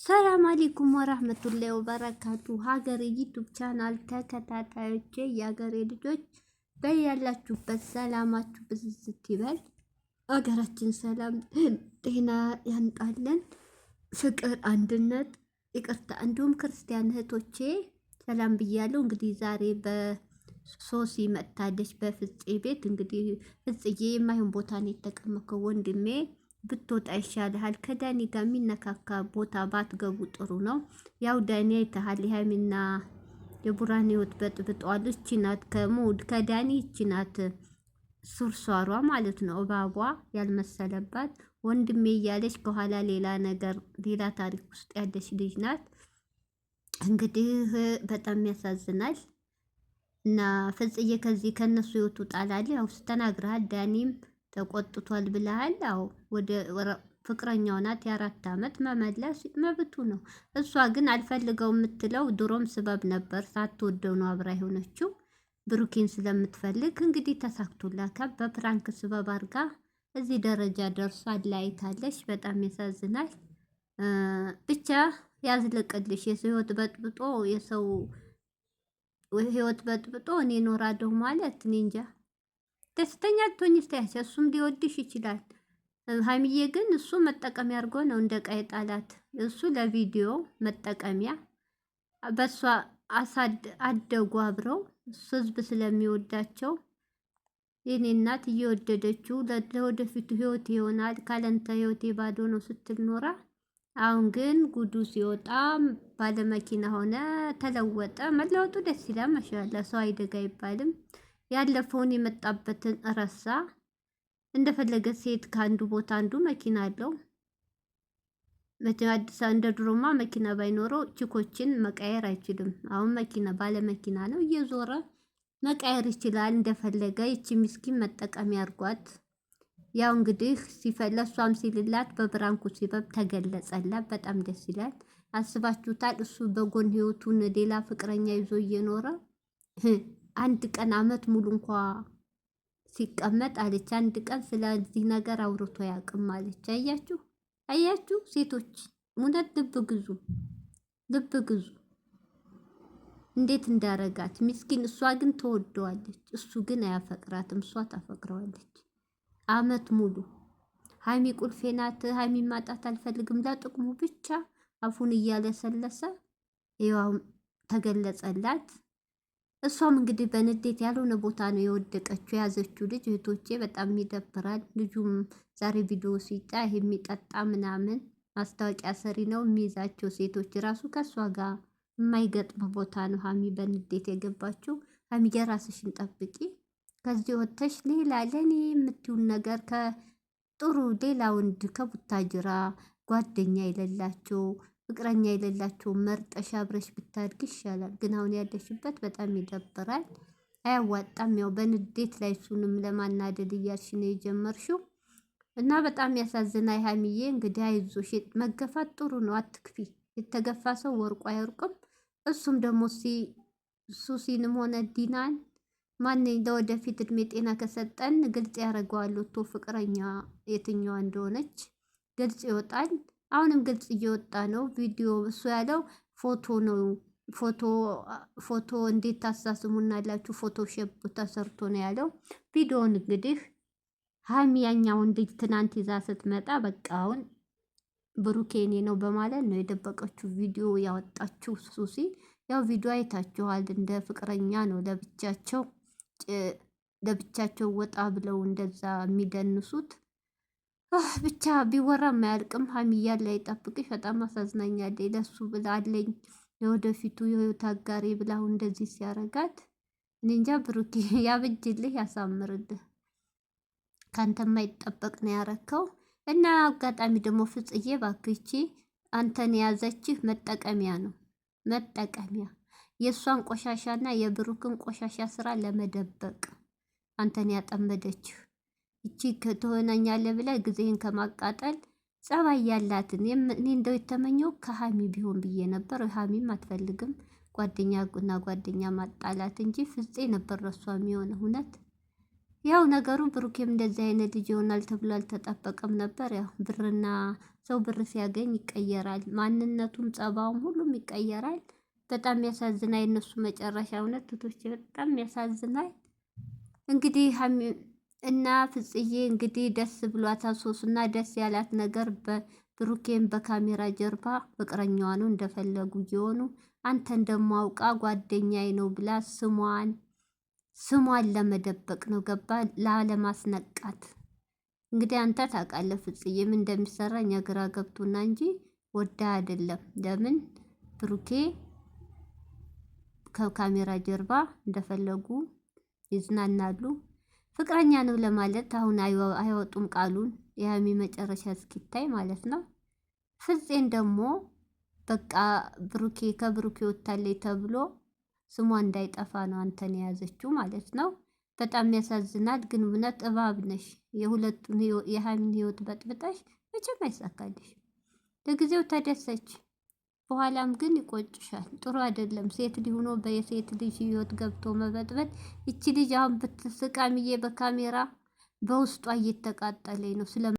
ሰላም አለይኩም ወራህመቱላሂ ወበረካቱ። ሀገር ዩቲዩብ ቻናል ተከታታዮቼ የሀገሬ ልጆች በያላችሁበት ሰላማችሁ ብዝዝት ይበል። ሀገራችን ሰላም ጤና ያንጣልን፣ ፍቅር፣ አንድነት፣ ይቅርታ እንዲሁም ክርስቲያን እህቶቼ ሰላም ብያለሁ። እንግዲህ ዛሬ በሶሲ መጥታለች በፍፄ ቤት። እንግዲህ ፍፄዬ የማይሆን ቦታ ነው የተቀመከው ወንድሜ ብትወጣ ይሻልሃል። ከዳኒ ጋር የሚነካካ ቦታ ባትገቡ ጥሩ ነው። ያው ዳኒ አይተሃል፣ የሃይሚና የቡራን ህይወት በጥብጧል። እቺ ናት ከሙድ ከዳኒ እቺ ናት ሱርሷሯ ማለት ነው። እባቧ ያልመሰለባት ወንድሜ እያለች ከኋላ ሌላ ነገር ሌላ ታሪክ ውስጥ ያለች ልጅ ናት። እንግዲህ በጣም ያሳዝናል። እና ፍጽዬ ከዚህ ከእነሱ ህይወቱ ጣላለ ያው ስተናግረሃል ዳኒም ተቆጥቷል ብለሃል? አዎ ወደ ፍቅረኛው ናት የአራት ዓመት መመለስ መብቱ ነው። እሷ ግን አልፈልገው የምትለው ድሮም ስበብ ነበር። ሳትወደው ነው አብራ የሆነችው ብሩኬን ስለምትፈልግ እንግዲህ ተሳክቶላከ በፕራንክ ስበብ አርጋ እዚህ ደረጃ ደርሶ አለያይታለች። በጣም ያሳዝናል። ብቻ ያዝልቅልሽ። የሰው ህይወት በጥብጦ የሰው ህይወት በጥብጦ እኔ ኖራለሁ ማለት እኔ እንጃ። ደስተኛ ልትሆኝ ስታያች እሱም ሊወድሽ ይችላል። ሀይሚዬ ግን እሱ መጠቀሚያ አድርጎ ነው እንደ ቀይ ጣላት። እሱ ለቪዲዮ መጠቀሚያ በእሷ አደጉ አብረው እሱ ህዝብ ስለሚወዳቸው የኔ እናት እየወደደችው ለወደፊቱ ህይወት ይሆናል ካለንተ ህይወት ባዶ ነው ስትል ኖራ፣ አሁን ግን ጉዱ ሲወጣ ባለመኪና ሆነ፣ ተለወጠ። መለወጡ ደስ ይላል። ማሻላ ሰው አይደጋ አይባልም። ያለፈውን የመጣበትን ረሳ። እንደፈለገ ሴት ከአንዱ ቦታ አንዱ መኪና አለው። መቼም አዲስ እንደ ድሮማ መኪና ባይኖረው ችኮችን መቃየር አይችልም። አሁን መኪና ባለ መኪና ነው፣ እየዞረ መቃየር ይችላል እንደፈለገ። ይቺ ምስኪን መጠቀም ያርጓት። ያው እንግዲህ ሲፈለ ሲልላት በብራንኩ ሲበብ ተገለጸላት። በጣም ደስ ይላል። አስባችሁታል? እሱ በጎን ህይወቱን ሌላ ፍቅረኛ ይዞ እየኖረ አንድ ቀን አመት ሙሉ እንኳ ሲቀመጥ አለች፣ አንድ ቀን ስለዚህ ነገር አውርቶ ያቅም አለች። አያችሁ አያችሁ፣ ሴቶች እውነት ልብ ግዙ፣ ልብ ግዙ። እንዴት እንዳረጋት ምስኪን። እሷ ግን ተወደዋለች፣ እሱ ግን አያፈቅራትም። እሷ ታፈቅረዋለች። አመት ሙሉ ሀሚ ቁልፌ ናት፣ ሀሚ ማጣት አልፈልግም። ለጥቅሙ ብቻ አፉን እያለሰለሰ ይኸው ተገለጸላት። እሷም እንግዲህ በንዴት ያልሆነ ቦታ ነው የወደቀችው የያዘችው ልጅ። እህቶቼ በጣም ይደብራል። ልጁም ዛሬ ቪዲዮ ሲጫ ይሄ የሚጠጣ ምናምን ማስታወቂያ ሰሪ ነው የሚይዛቸው ሴቶች ራሱ ከእሷ ጋር የማይገጥም ቦታ ነው ሀሚ በንዴት የገባችው። ሀሚ የራስሽን ጠብቂ፣ ከዚህ ወጥተሽ ሌላ ለእኔ የምትውን ነገር ከጥሩ ሌላ ወንድ ከቡታጅራ ጓደኛ የሌላቸው ፍቅረኛ የሌላቸው መርጠሽ አብረሽ ብታድግ ይሻላል። ግን አሁን ያለሽበት በጣም ይደብራል፣ አያዋጣም። ያው በንዴት ላይ እሱንም ለማናደድ እያልሽ ነው የጀመርሽው እና በጣም ያሳዝና። ይሃሚዬ እንግዲህ አይዞሽ፣ መገፋት ጥሩ ነው፣ አትክፊ። የተገፋ ሰው ወርቁ አይወርቅም። እሱም ደግሞ ሱሲንም ሆነ ዲናን ማን ለወደፊት እድሜ ጤና ከሰጠን ግልጽ ያደርገዋል። ወጥቶ ፍቅረኛ የትኛዋ እንደሆነች ግልጽ ይወጣል። አሁንም ግልጽ እየወጣ ነው። ቪዲዮ እሱ ያለው ፎቶ ነው። ፎቶ ፎቶ እንዴት ታሳስሙ እናላችሁ? ፎቶሾፕ ተሰርቶ ነው ያለው። ቪዲዮውን እንግዲህ ሀይሚ ያኛውን ልጅ ትናንት ይዛ ስትመጣ በቃ አሁን ብሩኬኔ ነው በማለት ነው የደበቀችው ቪዲዮ ያወጣችው ሱሲ። ያው ቪዲዮ አይታችኋል። እንደ ፍቅረኛ ነው ለብቻቸው ለብቻቸው ወጣ ብለው እንደዛ የሚደንሱት ብቻ ቢወራ ማያልቅም። ሀሚያ ላይ ጠብቅሽ በጣም አሳዝናኛለች። ለሱ ብላ አለኝ የወደፊቱ የህይወት አጋሪ ብላ አሁን እንደዚህ ሲያረጋት እኔ እንጃ። ብሩኬ ያብጅልህ፣ ያሳምርልህ። ከአንተ የማይጠበቅ ነው ያረከው እና አጋጣሚ ደግሞ ፍጽዬ ባክቺ አንተን የያዘችህ መጠቀሚያ ነው መጠቀሚያ የእሷን ቆሻሻና የብሩክን ቆሻሻ ስራ ለመደበቅ አንተን ያጠመደችህ ይቺ ከተሆነኛለህ ብላ ጊዜህን ከማቃጠል ጸባይ ያላትን እኔ እንደው የተመኘው ከሀሚ ቢሆን ብዬ ነበር። ሀሚም አትፈልግም ጓደኛ እና ጓደኛ ማጣላት እንጂ ፍፄ ነበር ረሷ የሚሆነ እውነት። ያው ነገሩ ብሩኬም እንደዚህ አይነት ልጅ ይሆናል ተብሎ አልተጠበቀም ነበር። ያው ብርና ሰው ብር ሲያገኝ ይቀየራል፣ ማንነቱም ጸባውም ሁሉም ይቀየራል። በጣም ያሳዝናል የእነሱ መጨረሻ እውነት ቶቶች በጣም ያሳዝናል። እንግዲህ እና ፍጽዬ እንግዲህ ደስ ብሏታል። ሶሱና ደስ ያላት ነገር በብሩኬን በካሜራ ጀርባ ፍቅረኛዋ ነው እንደፈለጉ እየሆኑ አንተን ደግሞ አውቃ ጓደኛዬ ነው ብላ ስሟን ስሟን ለመደበቅ ነው ገባ ላለማስነቃት። እንግዲህ አንተ ታውቃለህ ፍጽዬ ምን እንደሚሰራ እኛ ግራ ገብቶና እንጂ ወዳ አይደለም። ለምን ብሩኬ ከካሜራ ጀርባ እንደፈለጉ ይዝናናሉ። ፍቅረኛ ነው ለማለት አሁን አይወጡም ቃሉን የሀሚ መጨረሻ እስኪታይ ማለት ነው። ፍፄን ደግሞ በቃ ብሩኬ ከብሩኬ ወታለይ ተብሎ ስሟ እንዳይጠፋ ነው አንተን የያዘችው ማለት ነው። በጣም ያሳዝናል። ግን እውነት እባብ ነሽ። የሁለቱን የሀሚን ህይወት በጥብጠሽ መቼም አይሳካልሽ። ለጊዜው ተደሰች። በኋላም ግን ይቆጭሻል። ጥሩ አይደለም። ሴት ልጅ ሆኖ በየሴት ልጅ ህይወት ገብቶ መበጥበጥ። እቺ ልጅ አሁን ብትስቃምዬ በካሜራ በውስጧ እየተቃጠለኝ ነው ስለ